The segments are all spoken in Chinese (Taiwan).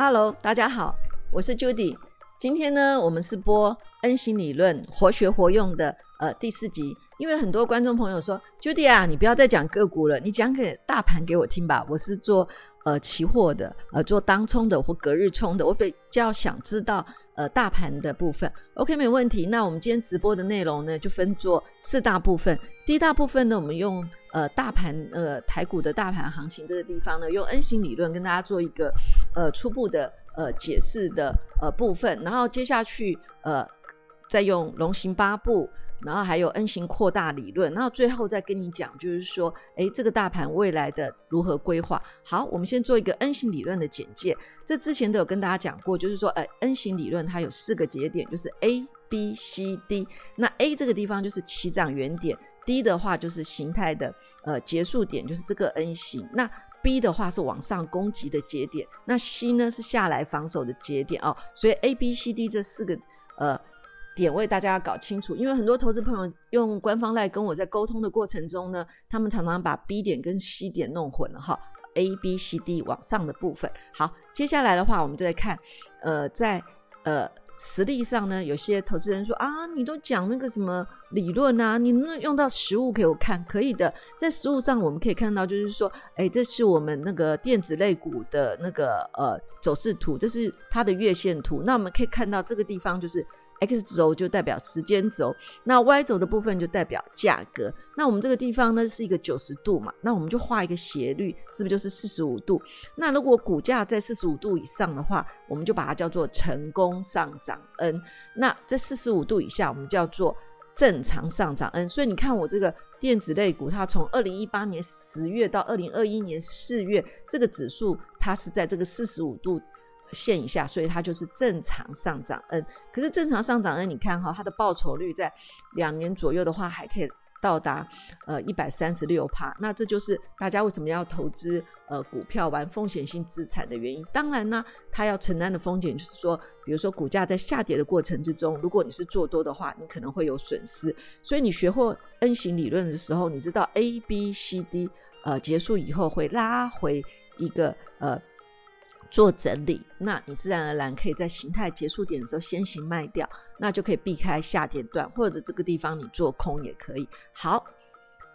Hello，大家好，我是 Judy。今天呢，我們是播 N 型理論活學活用的呃第四集，因為很多觀眾朋友說，Judy 啊，你不要再講個股了，你講個大盤給我聽吧。我是做呃期貨的，呃做當沖的或隔日沖的，我比較想知道。呃，大盤的部分，OK，沒問題。那我們今天直播的內容呢，就分做四大部分。第一大部分呢，我們用呃大盤呃台股的大盤行情這個地方呢，用 N 型理論跟大家做一個呃初步的呃解釋的呃部分。然後接下去呃，再用龍行八步。然後還有 N 型擴大理論，然後最後再跟你講，就是說，哎，這個大盤未來的如何規劃？好，我們先做一個 N 型理論的簡介。這之前都有跟大家講過，就是說，呃，N 型理論它有四個節點，就是 A、B、C、D。那 A 這個地方就是起漲原點，D 的話就是形態的呃結束點，就是這個 N 型。那 B 的話是往上攻擊的節點，那 C 呢是下來防守的節點哦。所以 A、B、C、D 這四個呃。點位大家要搞清楚，因為很多投資朋友用官方賴跟我在溝通的過程中呢，他們常常把 B 點跟 C 點弄混了哈。A、B、C、D 往上的部分，好，接下來的話，我們就來看，呃，在呃實務上呢，有些投資人說啊，你都講那個什麼理論啊，你能不能用到實務給我看？可以的，在實務上我們可以看到，就是說，誒，這是我們那個電子類股的那個呃走勢圖，這是它的月線圖。那我們可以看到這個地方就是。x 軸就代表時間軸，那 y 軸的部分就代表價格。那我們這個地方呢是一個九十度嘛，那我們就畫一個斜率，是不是就是四十五度？那如果股價在四十五度以上的話，我們就把它叫做成功上漲 N。那這四十五度以下，我們叫做正常上漲 N。所以你看我這個電子類股，它從二零一八年十月到二零二一年四月，這個指數它是在這個四十五度。線以下，所以它就是正常上漲。嗯，可是正常上漲，嗯，你看哈、哦，它的報酬率在兩年左右的話，還可以到達呃一百三十六趴。那這就是大家為什麼要投資呃股票玩、玩風險性資產的原因。當然呢，它要承擔的風險就是說，比如說股價在下跌的過程之中，如果你是做多的話，你可能會有損失。所以你學過 N 型理論的時候，你知道 A、B、C、D 呃結束以後會拉回一個呃。做整理，那你自然而然可以在形態結束點的時候先行賣掉，那就可以避開下跌段，或者這個地方你做空也可以。好，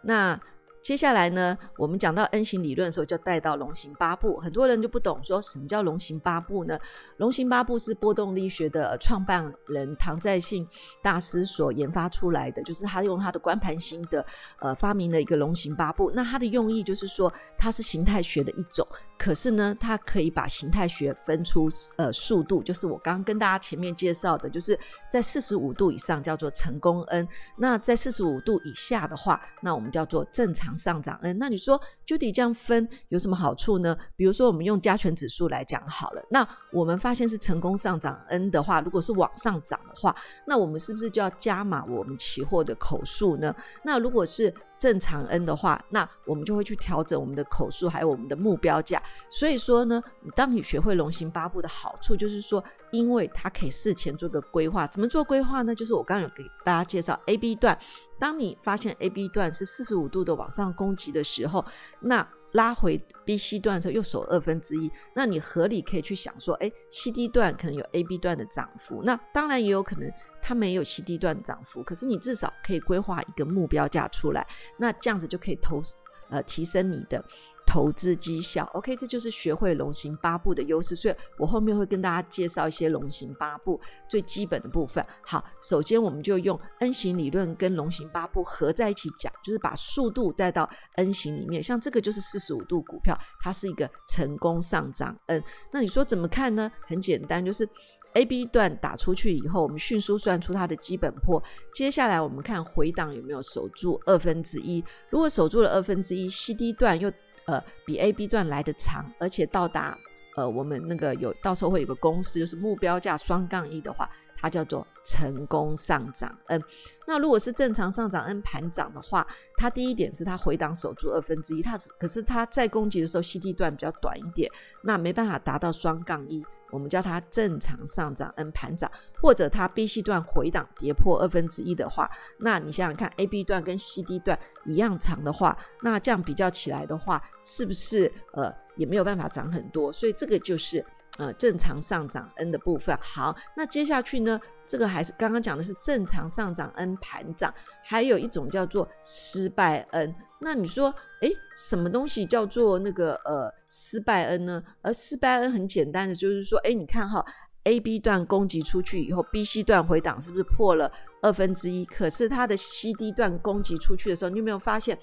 那。接下來呢，我們講到 N 型理論的時候，就帶到龍行八步。很多人就不懂，說什麼叫龍行八步呢？龍行八步是波動力學的創辦人唐在信大師所研發出來的，就是他用他的觀盤心得，呃，發明了一個龍行八步。那它的用意就是說，它是形態學的一種，可是呢，它可以把形態學分出呃速度，就是我剛剛跟大家前面介紹的，就是在四十五度以上叫做成功 N，那在四十五度以下的話，那我們叫做正常。上漲，N 那你說就地這樣分有什麼好處呢？比如說，我們用加權指數來講好了。那我們發現是成功上漲 N 的話，如果是往上漲的話，那我們是不是就要加碼我們期貨的口數呢？那如果是？正常 N 的話，那我們就會去調整我們的口數，還有我們的目標價。所以說呢，你當你學會龍行八步的好處，就是說，因為它可以事前做個規劃。怎麼做規劃呢？就是我剛剛有給大家介紹 A B 段，當你發現 A B 段是四十五度的往上攻擊的時候，那拉回 B C 段的時候又守二分之一，那你合理可以去想說，哎，C D 段可能有 A B 段的漲幅。那當然也有可能。它沒有其地段漲幅，可是你至少可以規劃一個目標價出來，那這樣子就可以投，呃，提升你的投資績效。OK，這就是學會龍行八步的優勢。所以，我後面會跟大家介紹一些龍行八步最基本的部分。好，首先我們就用 N 型理論跟龍行八步合在一起講，就是把速度帶到 N 型裡面。像這個就是四十五度股票，它是一個成功上漲 N。那你說怎麼看呢？很簡單，就是。AB 段打出去以後，我們迅速算出它的基本波。接下來我們看回檔有沒有守住二分之一。如果守住了二分之一，CD 段又呃比 AB 段來得長，而且到達呃我們那個有到時候會有個公式，就是目標價雙槓一的話，它叫做成功上漲 N。那如果是正常上漲 N 盤漲的話，它第一點是它回檔守住二分之一，2, 它是可是它在攻擊的時候 CD 段比較短一點，那沒辦法達到雙槓一。我們叫它正常上漲 n 盤漲，或者它 B C 段回檔跌破二分之一的話，那你想想看，A B 段跟 C D 段一樣長的話，那這樣比較起來的話，是不是呃也沒有辦法漲很多？所以這個就是呃正常上漲 n 的部分。好，那接下去呢？這個還是剛剛講的是正常上漲 N 盤漲，還有一種叫做失敗 N。那你說，哎，什麼東西叫做那個呃失敗 N 呢？而失敗 N 很簡單的就是說，哎，你看哈，A B 段攻擊出去以後，B C 段回檔是不是破了二分之一？2, 可是它的 C D 段攻擊出去的時候，你有沒有發現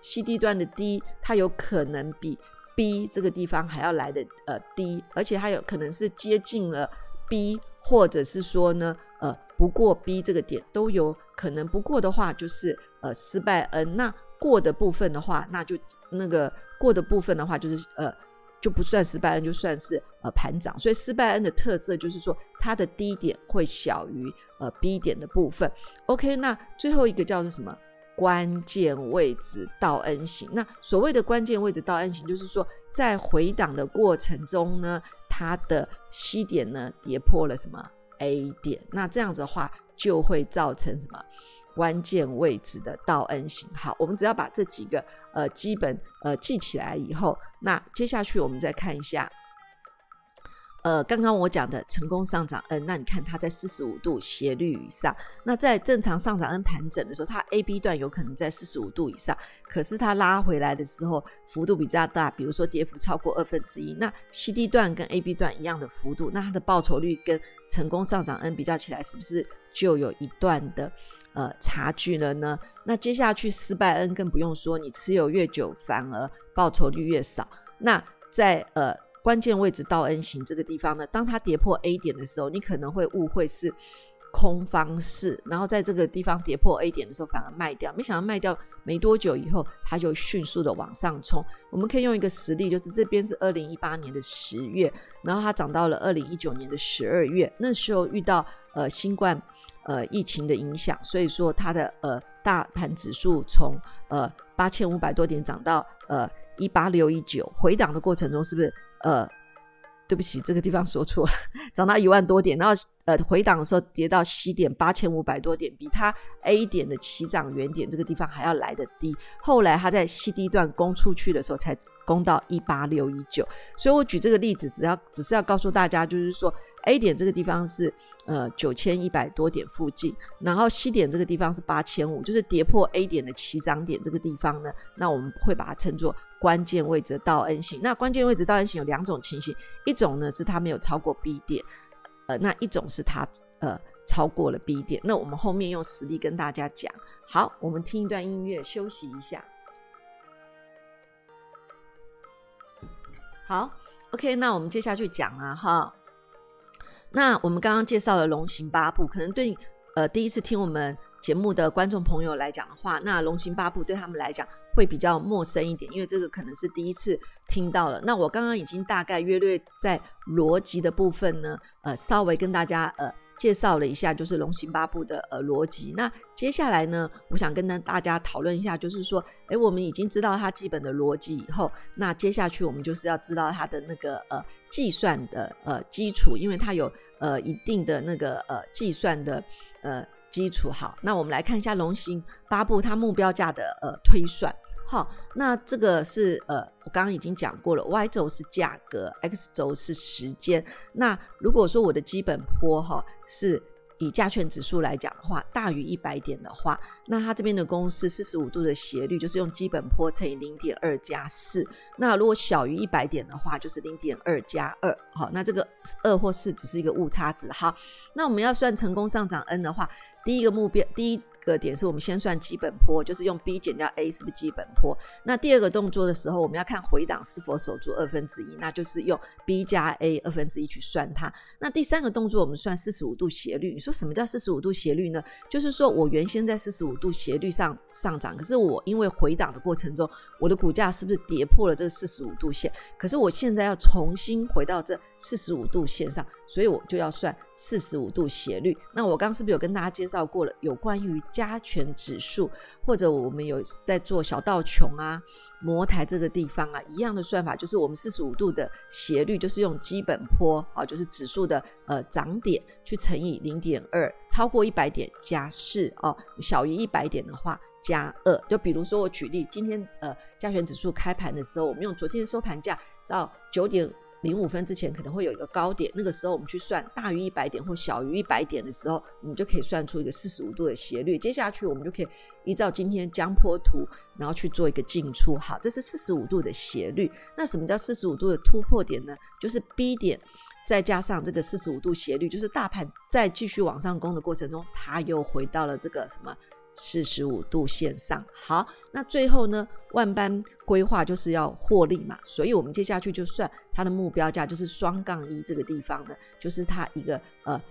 C D 段的 D，它有可能比 B 這個地方還要來得呃低，D, 而且它有可能是接近了。B，或者是說呢，呃，不過 B 這個點都有可能。不過的話，就是呃，失敗 N。那過的部分的話，那就那個過的部分的話，就是呃，就不算失敗 N，就算是呃盤漲。所以失敗 N 的特色就是說，它的低點會小於呃 B 點的部分。OK，那最後一個叫做什麼？關鍵位置到 N 型。那所謂的關鍵位置到 N 型，就是說在回檔的過程中呢。它的 C 點呢，跌破了什麼 A 點？那這樣子的話就會造成什麼，關鍵位置的倒 N 型號？好，我們只要把這幾個呃基本呃記起來以後，那接下去我們再看一下。呃，剛剛我講的成功上漲 N，那你看它在四十五度斜率以上。那在正常上漲 N 盤整的時候，它 A B 段有可能在四十五度以上，可是它拉回來的時候幅度比較大，比如說跌幅超過二分之一。那 C D 段跟 A B 段一樣的幅度，那它的報酬率跟成功上漲 N 比較起來，是不是就有一段的呃差距了呢？那接下去失敗 N 更不用說，你持有越久，反而報酬率越少。那在呃。關鍵位置到 N 型這個地方呢，當它跌破 A 點的時候，你可能會誤會是空方式，然後在這個地方跌破 A 點的時候，反而賣掉，沒想到賣掉沒多久以後，它就迅速的往上衝。我們可以用一個實例，就是這邊是二零一八年的十月，然後它漲到了二零一九年的十二月，那時候遇到呃新冠呃疫情的影響，所以說它的呃大盤指數從呃八千五百多點漲到呃一八六一九，回檔的過程中是不是？呃，對不起，這個地方說錯了，漲到一萬多點，然後呃回檔的時候跌到 C 點八千五百多點，比它 A 點的起漲原點這個地方還要來得低。後來它在 CD 段攻出去的時候，才攻到一八六一九。所以我舉這個例子，只要只是要告訴大家，就是說 A 點這個地方是呃九千一百多點附近，然後 C 點這個地方是八千五，就是跌破 A 點的起漲點這個地方呢，那我們會把它稱作。關鍵位置倒 N 型，那關鍵位置倒 N 型有兩種情形，一種呢是它沒有超過 B 點，呃，那一種是它呃超過了 B 點。那我們後面用實例跟大家講。好，我們聽一段音樂休息一下。好，OK，那我們接下去講啊，哈。那我們剛剛介紹了龍行八步，可能對呃第一次聽我們節目的觀眾朋友來講的話，那龍行八步對他們來講。會比較陌生一點，因為這個可能是第一次聽到了。那我剛剛已經大概、約略在邏輯的部分呢，呃，稍微跟大家呃介紹了一下，就是龍行八步的呃邏輯。那接下來呢，我想跟大家討論一下，就是說，哎，我們已經知道它基本的邏輯以後，那接下去我們就是要知道它的那個呃計算的呃基礎，因為它有呃一定的那個呃計算的呃基礎。好，那我們來看一下龍行八步它目標價的呃推算。好，那這個是呃，我剛剛已經講過了，Y 軸是價格，X 軸是時間。那如果說我的基本波哈、哦、是以加權指數來講的話，大於一百點的話，那它這邊的公式四十五度的斜率就是用基本波乘以零點二加四。4, 那如果小於一百點的話，就是零點二加二。2, 好，那這個二或四只是一個誤差值。哈。那我們要算成功上漲 n 的話，第一個目標第一，個點是我們先算基本波，就是用 B 減掉 A 是不是基本波？那第二個動作的時候，我們要看回檔是否守住二分之一，2, 那就是用 B 加 A 二分之一去算它。那第三個動作我們算四十五度斜率。你說什麼叫四十五度斜率呢？就是說我原先在四十五度斜率上上漲，可是我因為回檔的過程中。我的股價是不是跌破了這四十五度線？可是我現在要重新回到這四十五度線上，所以我就要算四十五度斜率。那我剛剛是不是有跟大家介紹過了？有關於加權指數，或者我們有在做小道瓊啊、摩台這個地方啊，一樣的算法，就是我們四十五度的斜率，就是用基本波啊，就是指數的呃漲點去乘以零點二，超過一百點加四哦，小於一百點的話。加二，就比如說我舉例，今天呃，加權指數開盤的時候，我們用昨天收盤價到九點零五分之前可能會有一個高點，那個時候我們去算大於一百點或小於一百點的時候，你們就可以算出一個四十五度的斜率。接下去我們就可以依照今天江波圖，然後去做一個進出。好，這是四十五度的斜率。那什麼叫四十五度的突破點呢？就是 B 點再加上這個四十五度斜率，就是大盤再繼續往上攻的過程中，它又回到了這個什麼？四十五度線上，好，那最後呢，萬般規劃就是要獲利嘛，所以我們接下去就算它的目標價就是雙槓一這個地方呢，就是它一個呃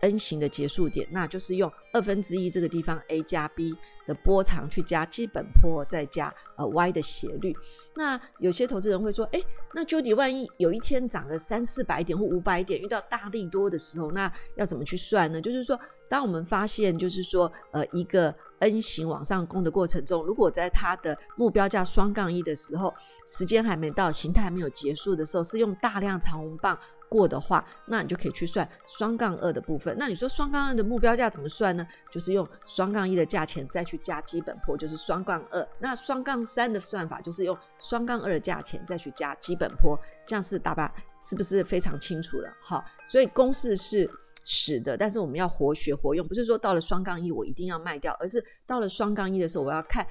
N 型的結束點，那就是用二分之一這個地方 A 加 B 的波長去加基本波，再加呃 Y 的斜率。那有些投資人會說，誒、欸，那究竟，萬一有一天漲個三四百點或五百點，遇到大利多的時候，那要怎麼去算呢？就是說。當我們發現，就是說，呃，一個 N 型往上攻的過程中，如果在它的目標價雙槓一的時候，時間還沒到，形態還沒有結束的時候，是用大量長紅棒過的話，那你就可以去算雙槓二的部分。那你說雙槓二的目標價怎麼算呢？就是用雙槓一的價錢再去加基本波，就是雙槓二。那雙槓三的算法就是用雙槓二的價錢再去加基本波，這樣是大吧？是不是非常清楚了？好，所以公式是。是的，但是我們要活學活用，不是說到了雙槓一我一定要賣掉，而是到了雙槓一的時候，我要看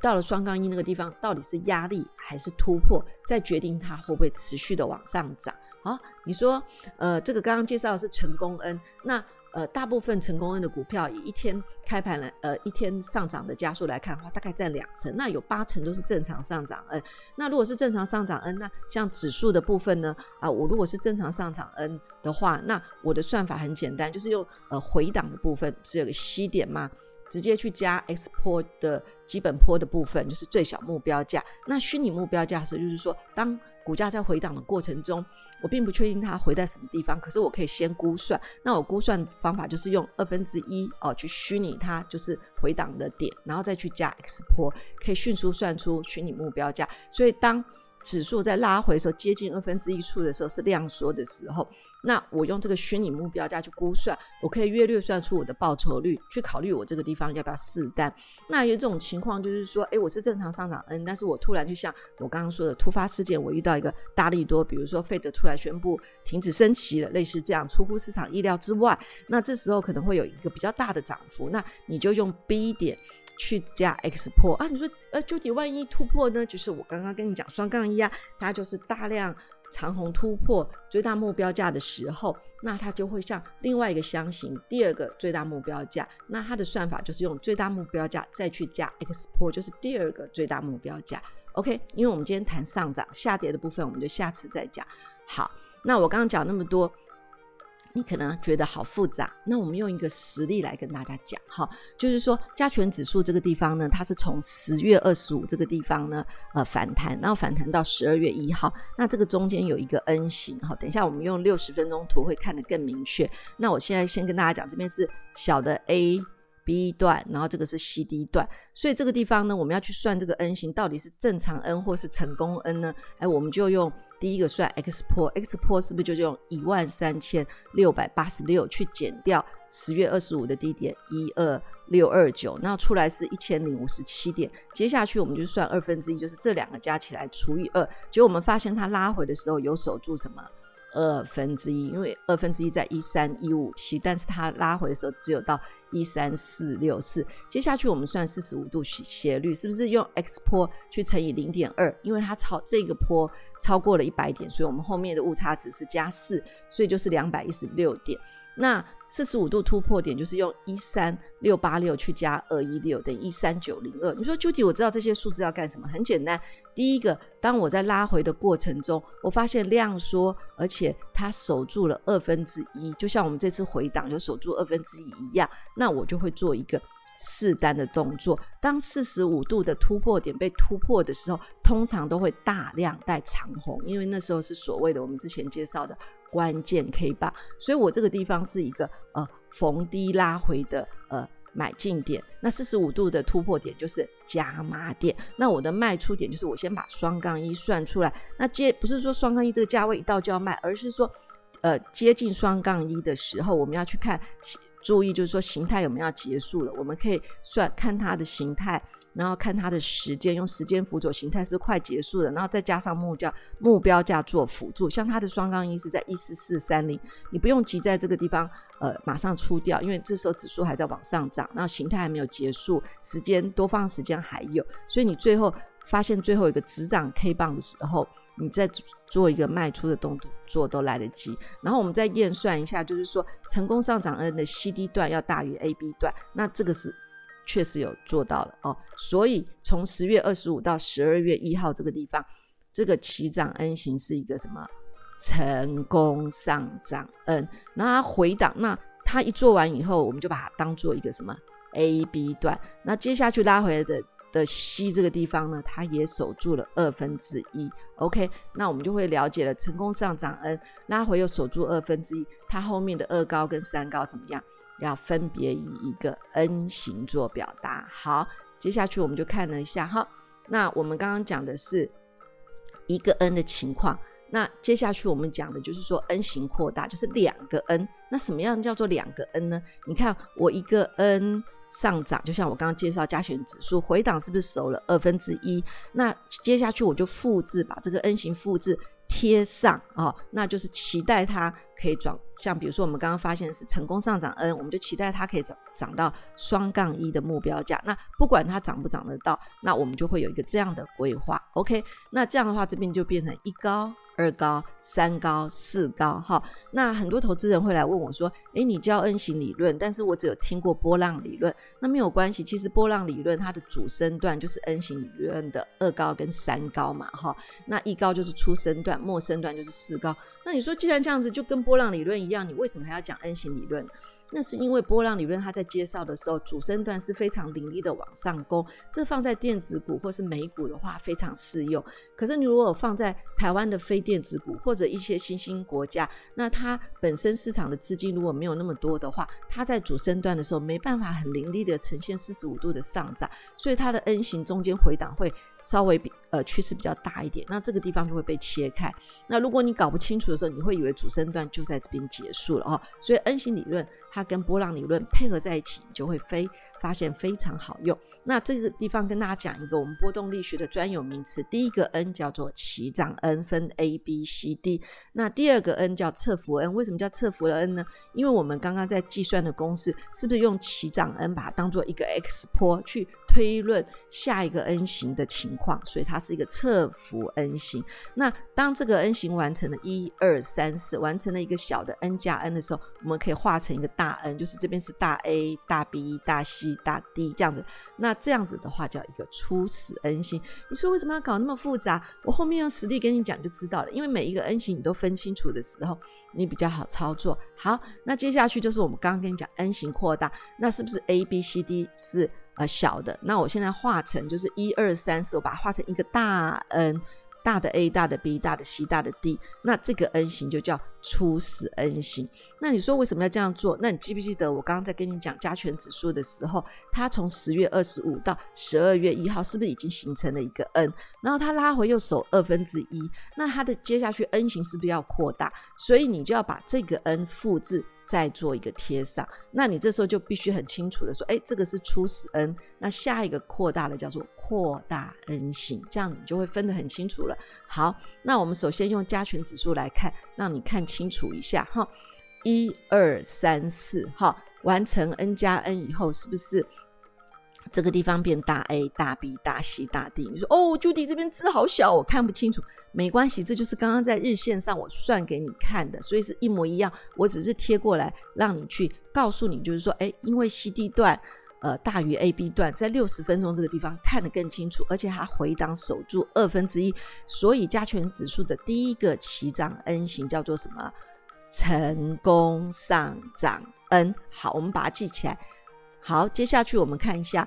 到了雙槓一那個地方到底是壓力還是突破，再決定它會不會持續的往上漲。好，你說，呃，這個剛剛介紹的是成功恩，那。呃，大部分成功 N 的股票，以一天開盤來，呃，一天上漲的加速來看的話，大概佔兩成，那有八成都是正常上漲。那如果是正常上漲 N，那像指數的部分呢，啊、呃，我如果是正常上漲 N 的話，那我的算法很簡單，就是用呃回檔的部分是有個 C 點嘛，直接去加 X 波的基本波的部分，就是最小目標價。那虛擬目標價是就是說當。股價在回檔的過程中，我並不確定它回在什麼地方，可是我可以先估算。那我估算的方法就是用二分之一哦去虛擬它，就是回檔的點，然後再去加 X 波，可以迅速算出虛擬目標價。所以當指數在拉回的時候，接近二分之一處的時候是量縮的時候，那我用這個虛擬目標價去估算，我可以約略算出我的報酬率，去考慮我這個地方要不要試單。那有這種情況就是說，誒，我是正常上漲，嗯，但是我突然就像我剛剛說的突發事件，我遇到一個大利多，比如說費德突然宣布停止升息了，類似這樣出乎市場意料之外，那這時候可能會有一個比較大的漲幅，那你就用 B 點。去加 x 破啊。你說呃，究竟萬一突破呢？就是我剛剛跟你講雙槓一啊，它就是大量長紅突破最大目標價的時候，那它就會向另外一個箱型，第二個最大目標價。那它的算法就是用最大目標價再去加 x 破，就是第二個最大目標價。OK，因為我們今天談上漲、下跌的部分，我們就下次再講。好，那我剛剛講那麼多。你可能覺得好複雜，那我們用一個實例來跟大家講哈，就是說加權指數這個地方呢，它是從十月二十五這個地方呢，呃反彈，然後反彈到十二月一號，那這個中間有一個 N 型哈，等一下我們用六十分鐘圖會看得更明確。那我現在先跟大家講，這邊是小的 A B 段，然後這個是 C D 段，所以這個地方呢，我們要去算這個 N 型到底是正常 N 或是成功 N 呢？哎，我們就用。第一個算 X 波 X 波是不是就用一萬三千六百八十六去減掉十月二十五的低點一二六二九，那出來是一千零五十七點。接下去我們就算二分之一，2, 就是這兩個加起來除以二。結果我們發現它拉回的時候有守住什麼二分之一，1 2, 因為二分之一在一三一五七，但是它拉回的時候只有到。一三四六四，64, 接下去我們算四十五度斜斜率，是不是用 x 坡去乘以零點二？因為它超這個坡超過了一百點，所以我們後面的誤差值是加四，所以就是兩百一十六點。那四十五度突破點就是用一三六八六去加二一六等於一三九零二。你說究竟我知道這些數字要幹什麼？很簡單，第一個，當我在拉回的過程中，我發現量縮，而且它守住了二分之一，2, 就像我們這次回檔有守住二分之一一樣，那我就會做一個試單的動作。當四十五度的突破點被突破的時候，通常都會大量帶長紅，因為那時候是所謂的我們之前介紹的。關鍵 K 八，所以我這個地方是一個呃逢低拉回的呃買進點。那四十五度的突破點就是加碼點。那我的賣出點就是我先把雙槓一算出來。那接不是說雙槓一這個價位一到就要賣，而是說呃接近雙槓一的時候，我們要去看注意，就是說形態有沒有要結束了，我們可以算看它的形態。然後看它的時間，用時間輔佐形態是不是快結束了？然後再加上目標目標價做輔助，像它的雙槓一是在一四四三零，你不用急在這個地方呃馬上出掉，因為這時候指數還在往上漲，然後形態還沒有結束，時間多方時間還有，所以你最後發現最後一個止漲 K 棒的時候，你再做一個賣出的動作，做都來得及。然後我們再驗算一下，就是說成功上漲 N 的 C D 段要大於 A B 段，那這個是。確實有做到了哦，所以從十月二十五到十二月一號這個地方，這個起漲 N 型是一個什麼成功上漲 N，那回檔那它一做完以後，我們就把它當做一個什麼 AB 段，那接下去拉回來的的 C 這個地方呢，它也守住了二分之一，OK，那我們就會了解了成功上漲 N 拉回又守住二分之一，2, 它後面的二高跟三高怎麼樣？要分別以一個 N 型做表達。好，接下去我們就看了一下哈。那我們剛剛講的是一個 N 的情況。那接下去我們講的就是說 N 型擴大，就是兩個 N。那什麼樣叫做兩個 N 呢？你看我一個 N 上漲，就像我剛剛介紹加權指數回檔是不是守了二分之一？2, 那接下去我就複製把這個 N 型複製貼上啊、哦，那就是期待它。可以，像比如說我們剛剛發現是成功上漲 N，我們就期待它可以漲漲到雙槓一的目標價。那不管它漲不漲得到，那我們就會有一個這樣的規劃。OK，那這樣的話這邊就變成一高。二高、三高、四高哈，那很多投資人會來問我，說：“誒、欸、你教 N 型理論，但是我只有聽過波浪理論，那沒有關係。其實波浪理論它的主升段就是 N 型理論的二高跟三高嘛，哈，那一高就是初升段，末升段就是四高。那你說既然這樣子，就跟波浪理論一樣，你為什麼還要講 N 型理論？”那是因為波浪理論，它在介紹的時候，主升段是非常凌厲的往上攻。這放在電子股或是美股的話，非常適用。可是你如果放在台灣的非電子股，或者一些新興國家，那它本身市場的資金如果沒有那麼多的話，它在主升段的時候沒辦法很凌厲的呈現四十五度的上漲，所以它的 N 型中間回檔會。稍微比呃趨勢比較大一點，那這個地方就會被切開。那如果你搞不清楚的時候，你會以為主升段就在這邊結束了哦。所以 N 型理論它跟波浪理論配合在一起，你就會非發現非常好用。那這個地方跟大家講一個我們波動力學的專有名詞，第一個 N 叫做起漲 N 分 A B C D，那第二個 N 叫測幅 N。為什麼叫測幅的 N 呢？因為我們剛剛在計算的公式是不是用起漲 N 把它當做一個 X 坡去？推論下一個 N 型的情況，所以它是一個測幅 N 型。那當這個 N 型完成了一二三四，完成了一個小的 N 加 N 的時候，我們可以畫成一個大 N，就是這邊是大 A、大 B、大 C、大 D 這樣子。那這樣子的話叫一個初始 N 型。你說為什麼要搞那麼複雜？我後面用實例跟你講就知道了。因為每一個 N 型你都分清楚的時候，你比較好操作。好，那接下去就是我們剛剛跟你講 N 型擴大，那是不是 A、B、C、D 是？呃，小的，那我現在畫成就是一二三四，我把它畫成一個大 N，大的 A，大的 B，大的 C，大的 D，那這個 N 型就叫初始 N 型。那你說為什麼要這樣做？那你記不記得我剛剛在跟你講加權指數的時候，它從十月二十五到十二月一號是不是已經形成了一個 N？然後它拉回又守二分之一，2, 那它的接下去 N 型是不是要擴大？所以你就要把這個 N 複製。再做一個貼上，那你這時候就必須很清楚的說，哎，這個是初始 N，那下一個擴大的叫做擴大 N 型，這樣你就會分得很清楚了。好，那我們首先用加權指數來看，讓你看清楚一下哈，一二三四哈，完成 N 加 N 以後是不是？這個地方變大 A 大 B 大 C 大 D，你說哦，朱迪這邊字好小，我看不清楚。沒關係，這就是剛剛在日線上我算給你看的，所以是一模一樣。我只是貼過來讓你去告訴你，就是說，哎，因為 C D 段，呃大於 A B 段，在六十分鐘這個地方看得更清楚，而且它回檔守住二分之一，2, 所以加權指數的第一個起漲 N 型叫做什麼？成功上漲 N。好，我們把它記起來。好，接下去我們看一下。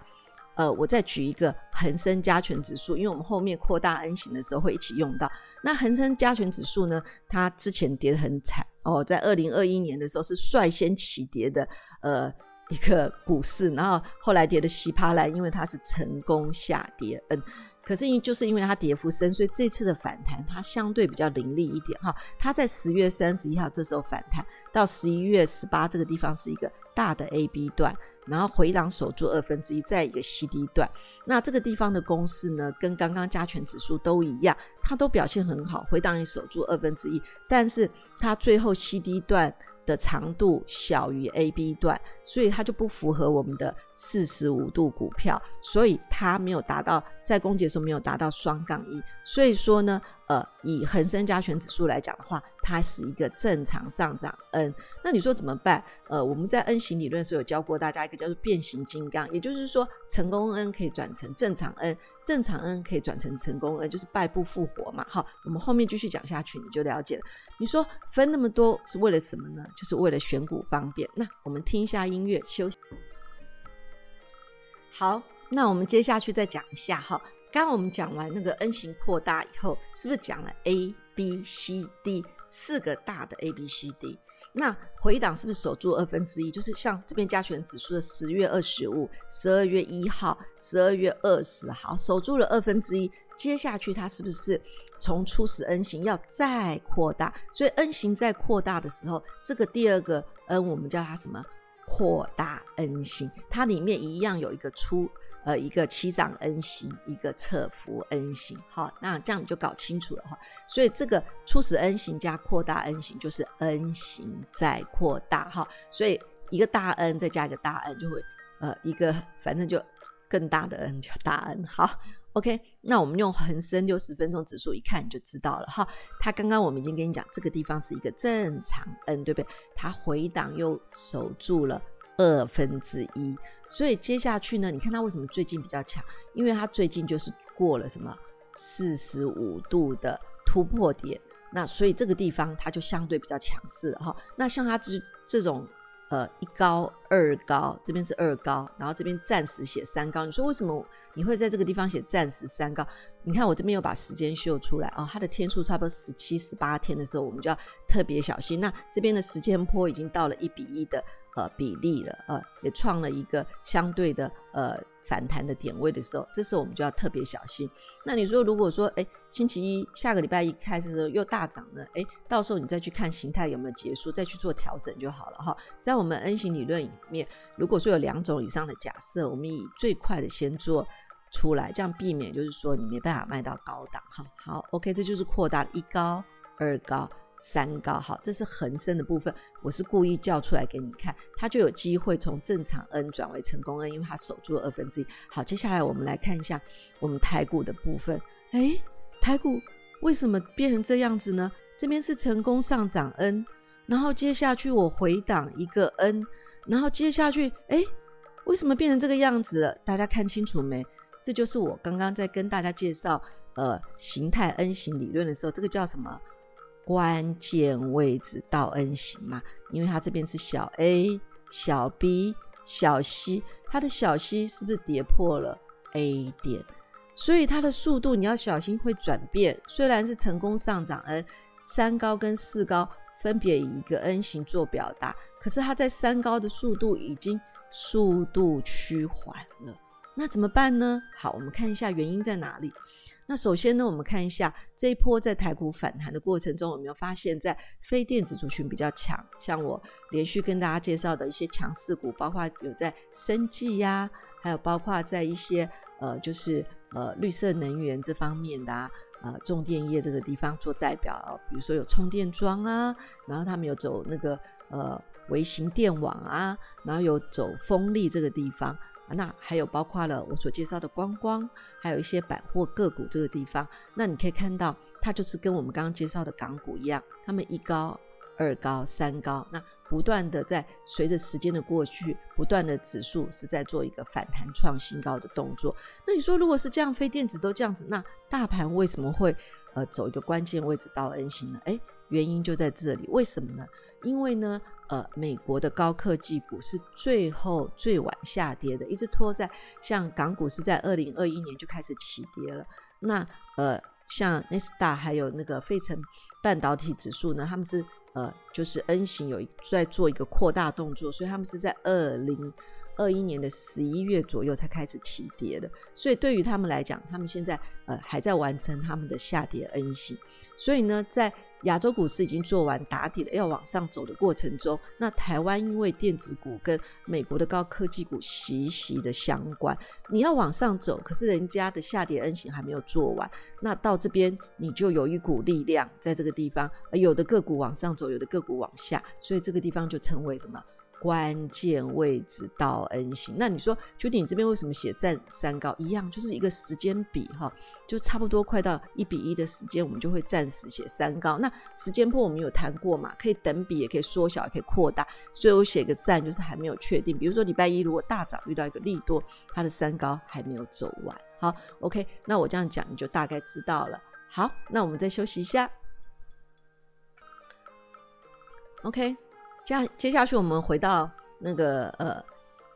呃，我再舉一個恆生加權指數，因為我們後面擴大 N 型的時候會一起用到。那恆生加權指數呢，它之前跌得很慘哦，在二零二一年的時候是率先起跌的呃一個股市，然後後來跌得稀巴爛，因為它是成功下跌嗯、呃，可是因就是因為它跌幅深，所以這次的反彈它相對比較凌厲一點哈。它在十月三十一號這時候反彈，到十一月十八這個地方是一個大的 AB 段。然後回檔守住二分之一，再一個 C D 段，那這個地方的公式呢，跟剛剛加權指數都一樣，它都表現很好，回檔守住二分之一，2, 但是它最後 C D 段的長度小於 A B 段，所以它就不符合我們的四十五度股票，所以它沒有達到在攻解的時候沒有達到雙槓一，1, 所以說呢。呃，以恆生加權指數來講的話，它是一個正常上漲 N。那你說怎麼辦？呃，我們在 N 型理論時有教過大家一個叫做變形金剛，也就是說成功 N 可以轉成正常 N，正常 N 可以轉成成功 N，就是敗不復活嘛。好，我們後面繼續講下去，你就了解了。你說分那麼多是為了什麼呢？就是為了選股方便。那我們聽一下音樂休息。好，那我們接下去再講一下哈。剛剛我們講完那個 N 型擴大以後，是不是講了 A、B、C、D 四個大的 A、B、C、D，那回檔是不是守住二分之一？就是像這邊加權指數的十月二十五、十二月一號、十二月二十號，守住了二分之一，接下去它是不是從初始 N 型要再擴大？所以 N 型在擴大的時候，這個第二個 N 我們叫它什麼？擴大 N 型，它裡面一樣有一個初。呃，一個起漲 N 型，一個側幅 N 型，好，那這樣你就搞清楚了哈。所以這個初始 N 型加擴大 N 型，就是 N 型再擴大哈。所以一個大 N 再加一個大 N，就會呃一個反正就更大的 N 叫大 N 好。好，OK，那我們用恆生六十分鐘指數一看你就知道了哈。它剛剛我們已經跟你講，這個地方是一個正常 N，對不對？它回檔又守住了。二分之一，所以接下去呢，你看它為什麼最近比較強？因為它最近就是過了什麼四十五度的突破點，那所以這個地方它就相對比較強勢了哈。那像它這這種呃一高二高，這邊是二高，然後這邊暫時寫三高。你說為什麼你會在這個地方寫暫時三高？你看我這邊又把時間秀出來哦，它的天數差不多十七十八天的時候，我們就要特別小心。那這邊的時間波已經到了一比一的。呃，比例了，呃，也創了一個相對的呃反彈的點位的時候，這時候我們就要特別小心。那你說，如果說，哎，星期一下個禮拜一開始的時候又大漲了，哎，到時候你再去看形態有沒有結束，再去做調整就好了哈。在我們 N 型理論裡面，如果說有兩種以上的假設，我們以最快的先做出來，這樣避免就是說你沒辦法賣到高檔哈。好，OK，這就是擴大了一高二高。三高。好，這是恆生的部分，我是故意叫出來給你看，它就有機會從正常 N 轉為成功 N，因為它守住了二分之一。好，接下來我們來看一下我們台股的部分。哎，台股為什麼變成這樣子呢？這邊是成功上漲 N，然後接下去我回檔一個 N，然後接下去，哎，為什麼變成這個樣子了？大家看清楚沒？這就是我剛剛在跟大家介紹呃形態 N 型理論的時候，這個叫什麼？關鍵位置到 N 型嘛，因為它這邊是小 A、小 B、小 C，它的小 C 是不是跌破了 A 點？所以它的速度你要小心會轉變。雖然是成功上漲，N 三高跟四高分別以一個 N 型做表達，可是它在三高的速度已經速度趨緩了，那怎麼辦呢？好，我們看一下原因在哪裡。那首先呢，我們看一下這一波在台股反彈的過程中，有沒有發現，在非電子族群比較強，像我連續跟大家介紹的一些強勢股，包括有在生技呀、啊，還有包括在一些呃，就是呃綠色能源這方面的啊，呃，重電業這個地方做代表，啊，比如說有充電樁啊，然後他們有走那個呃微型電網啊，然後有走風力這個地方。那還有包括了我所介紹的觀光，還有一些百貨個股這個地方，那你可以看到，它就是跟我們剛剛介紹的港股一樣，他們一高、二高、三高，那不斷的在隨着時間的過去，不斷的指數是在做一個反彈創新高的動作。那你說如果是這樣，非電子都這樣子，那大盤為什麼會呃走一個關鍵位置到 N 型呢？哎，原因就在這裡，為什麼呢？因為呢，呃，美國的高科技股是最後最晚下跌的，一直拖在。像港股是在二零二一年就開始起跌了。那呃，像 Nasdaq 還有那個費城半導體指數呢，他們是呃，就是 N 型有在做一個擴大動作，所以他們是在二零二一年的十一月左右才開始起跌的。所以對於他們來講，他們現在呃還在完成他們的下跌 N 型。所以呢，在。亞洲股市已經做完打底了，要往上走的過程中，那台灣因為電子股跟美國的高科技股息息的相關，你要往上走，可是人家的下跌 N 型還沒有做完，那到這邊你就有一股力量在這個地方，有的個股往上走，有的個股往下，所以這個地方就成為什麼？關鍵位置到 N 型。那你說，就你這邊為什麼寫站三高一樣？就是一個時間比哈，就差不多快到一比一的時間，我們就會暫時寫三高。那時間波我們有談過嘛？可以等比，也可以縮小，也可以擴大。所以我寫個站，就是還沒有確定。比如說禮拜一如果大早遇到一個利多，它的三高還沒有走完。好，OK，那我這樣講你就大概知道了。好，那我們再休息一下。OK。接接下去，我們回到那個呃，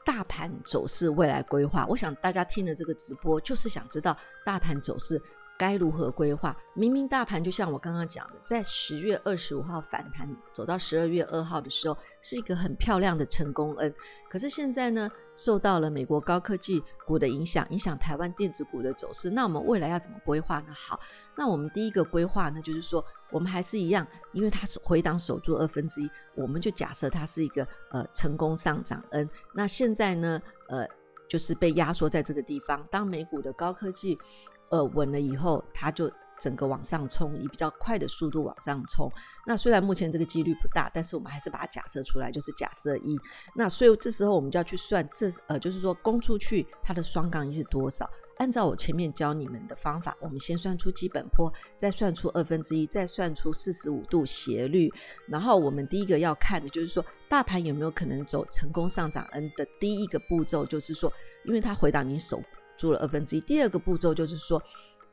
大盤走勢未來規劃。我想大家聽了這個直播，就是想知道大盤走勢該如何規劃。明明大盤就像我剛剛講的，在十月二十五號反彈走到十二月二號的時候，是一個很漂亮的成功 N。可是現在呢，受到了美國高科技股的影響，影響台灣電子股的走勢。那我們未來要怎麼規劃呢？好。那我們第一個規劃呢，就是說我們還是一樣，因為它是回檔守住二分之一，2, 我們就假設它是一個呃成功上漲 N。那現在呢，呃，就是被壓縮在這個地方。當美股的高科技呃穩了以後，它就整個往上衝，以比較快的速度往上衝。那雖然目前這個幾率不大，但是我們還是把它假設出來，就是假設一。那所以這時候我們就要去算這，這呃就是說攻出去它的雙槓一是多少？按照我前面教你們的方法，我們先算出基本波，再算出二分之一，2, 再算出四十五度斜率。然後我們第一個要看的就是說，大盤有沒有可能走成功上漲？N 的第一個步驟就是說，因為它回到你守住了二分之一。2, 第二個步驟就是說，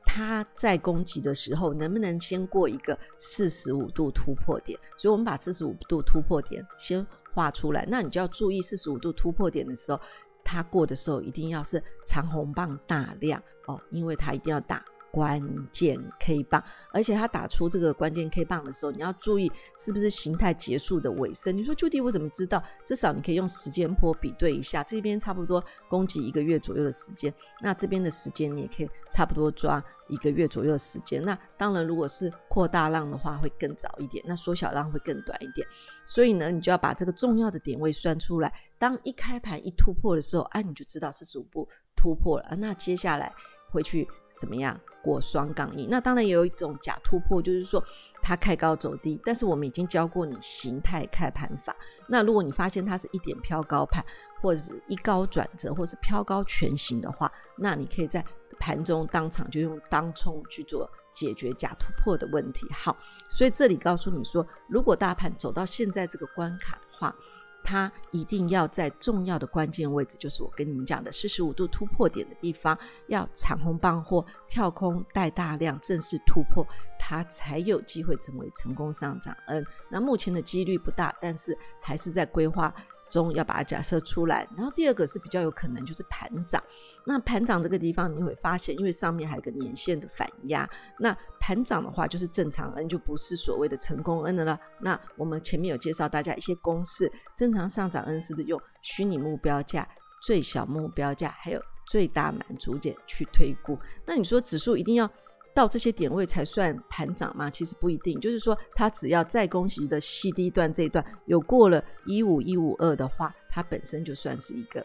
它在攻擊的時候能不能先過一個四十五度突破點？所以我們把四十五度突破點先畫出來。那你就要注意四十五度突破點的時候。他過的時候一定要是長紅棒大量哦，因為他一定要打，關鍵 K 棒，而且它打出這個關鍵 K 棒的時候，你要注意是不是形態結束的尾聲。你說具體我怎麼知道？至少你可以用時間波比對一下，這邊差不多攻擊一個月左右的時間，那這邊的時間你也可以差不多抓一個月左右的時間。那當然，如果是擴大浪的話會更早一點，那縮小浪會更短一點。所以呢，你就要把這個重要的點位算出來。當一開盤一突破的時候，哎、啊，你就知道是逐步突破了。那接下來回去。怎麼樣，過雙槓一，那當然也有一種假突破，就是說它開高走低。但是我們已經教過你形態開盤法。那如果你發現它是一點飄高盤，或者是一高轉折，或是飄高全形的話，那你可以在盤中當場就用當沖去做解決假突破的問題。好，所以這裡告訴你說，如果大盤走到現在這個關卡的話，它一定要在重要的關鍵位置，就是我跟你們講的四十五度突破點的地方，要長紅棒或跳空帶大量正式突破，它才有機會成為成功上漲。嗯，那目前的幾率不大，但是還是在規劃。中要把它假設出來，然後第二個是比較有可能就是盤漲。那盤漲這個地方你會發現，因為上面還有個年線的反壓，那盤漲的話就是正常 N，就不是所謂的成功 N 的了。那我們前面有介紹大家一些公式，正常上漲 N 是不是用虛擬目標價、最小目標價還有最大滿足點去推估？那你說指數一定要？到這些點位才算盤漲嗎？其實不一定，就是說它只要在攻擊的 C D 段這一段有過了一五一五二的話，它本身就算是一個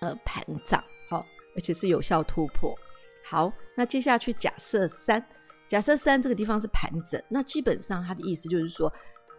呃盤漲，好，而且是有效突破。好，那接下去假設三，假設三這個地方是盤整，那基本上它的意思就是說，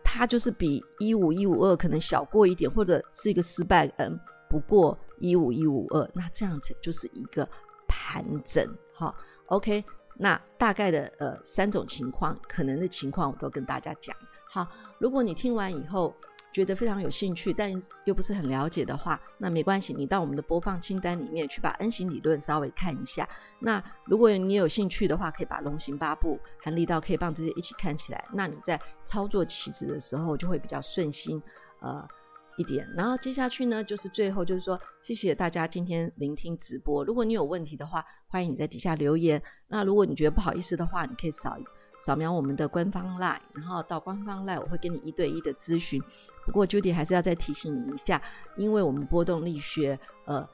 它就是比一五一五二可能小過一點，或者是一個失敗，嗯，不過一五一五二，那這樣子就是一個盤整，好，OK。那大概的呃三種情況，可能的情況我都跟大家講。好，如果你聽完以後覺得非常有興趣，但又不是很了解的話，那沒關係，你到我們的播放清單裡面去把 N 型理論稍微看一下。那如果你有興趣的話，可以把龍行八步和力道可以幫這些一起看起來。那你在操作棋子的時候就會比較順心，呃。一點，然後接下去呢，就是最後就是說，謝謝大家今天聆聽直播。如果你有問題的話，歡迎你在底下留言。那如果你覺得不好意思的話，你可以掃掃描我們的官方 LINE，然後到官方 LINE，我會跟你一對一的諮詢。不過 Judy 還是要再提醒你一下，因為我們波動力學，呃，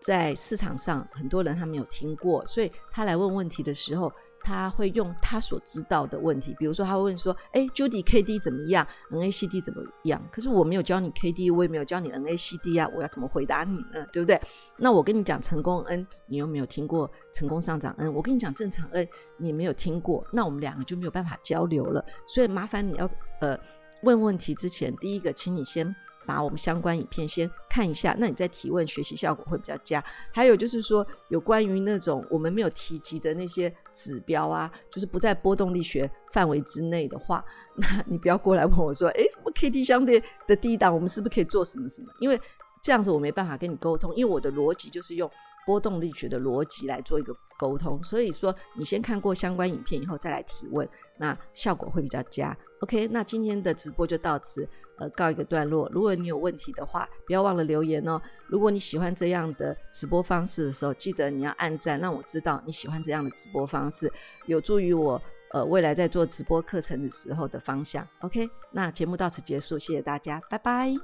在市場上很多人他沒有聽過，所以他來問問題的時候，他會用他所知道的問題，比如說他會問說：“哎，Judy KD 怎麼樣？NACD 怎麼樣？”可是我沒有教你 KD，我也沒有教你 NACD 啊，我要怎麼回答你呢？對不對？那我跟你講成功 N，你又沒有聽過成功上漲 N，我跟你講正常 N，你沒有聽過，那我們兩個就沒有辦法交流了。所以麻煩你要呃問問題之前，第一個，請你先。把我們相關影片先看一下，那你再提問，學習效果會比較佳。還有就是說，有關於那種我們沒有提及的那些指標啊，就是不在波動力學範圍之內的話，那你不要過來問我說，誒，什麼 KD 相對的低檔，我們是不是可以做什麼什麼？因為這樣子我沒辦法跟你溝通，因為我的邏輯就是用波動力學的邏輯來做一個溝通。所以說，你先看過相關影片以後再來提問，那效果會比較佳。OK，那今天的直播就到此。呃，告一個段落。如果你有問題的話，不要忘了留言哦。如果你喜歡這樣的直播方式的時候，記得你要按贊，讓我知道你喜歡這樣的直播方式，有助於我呃未來在做直播課程的時候的方向。OK，那節目到此結束，謝謝大家，拜拜。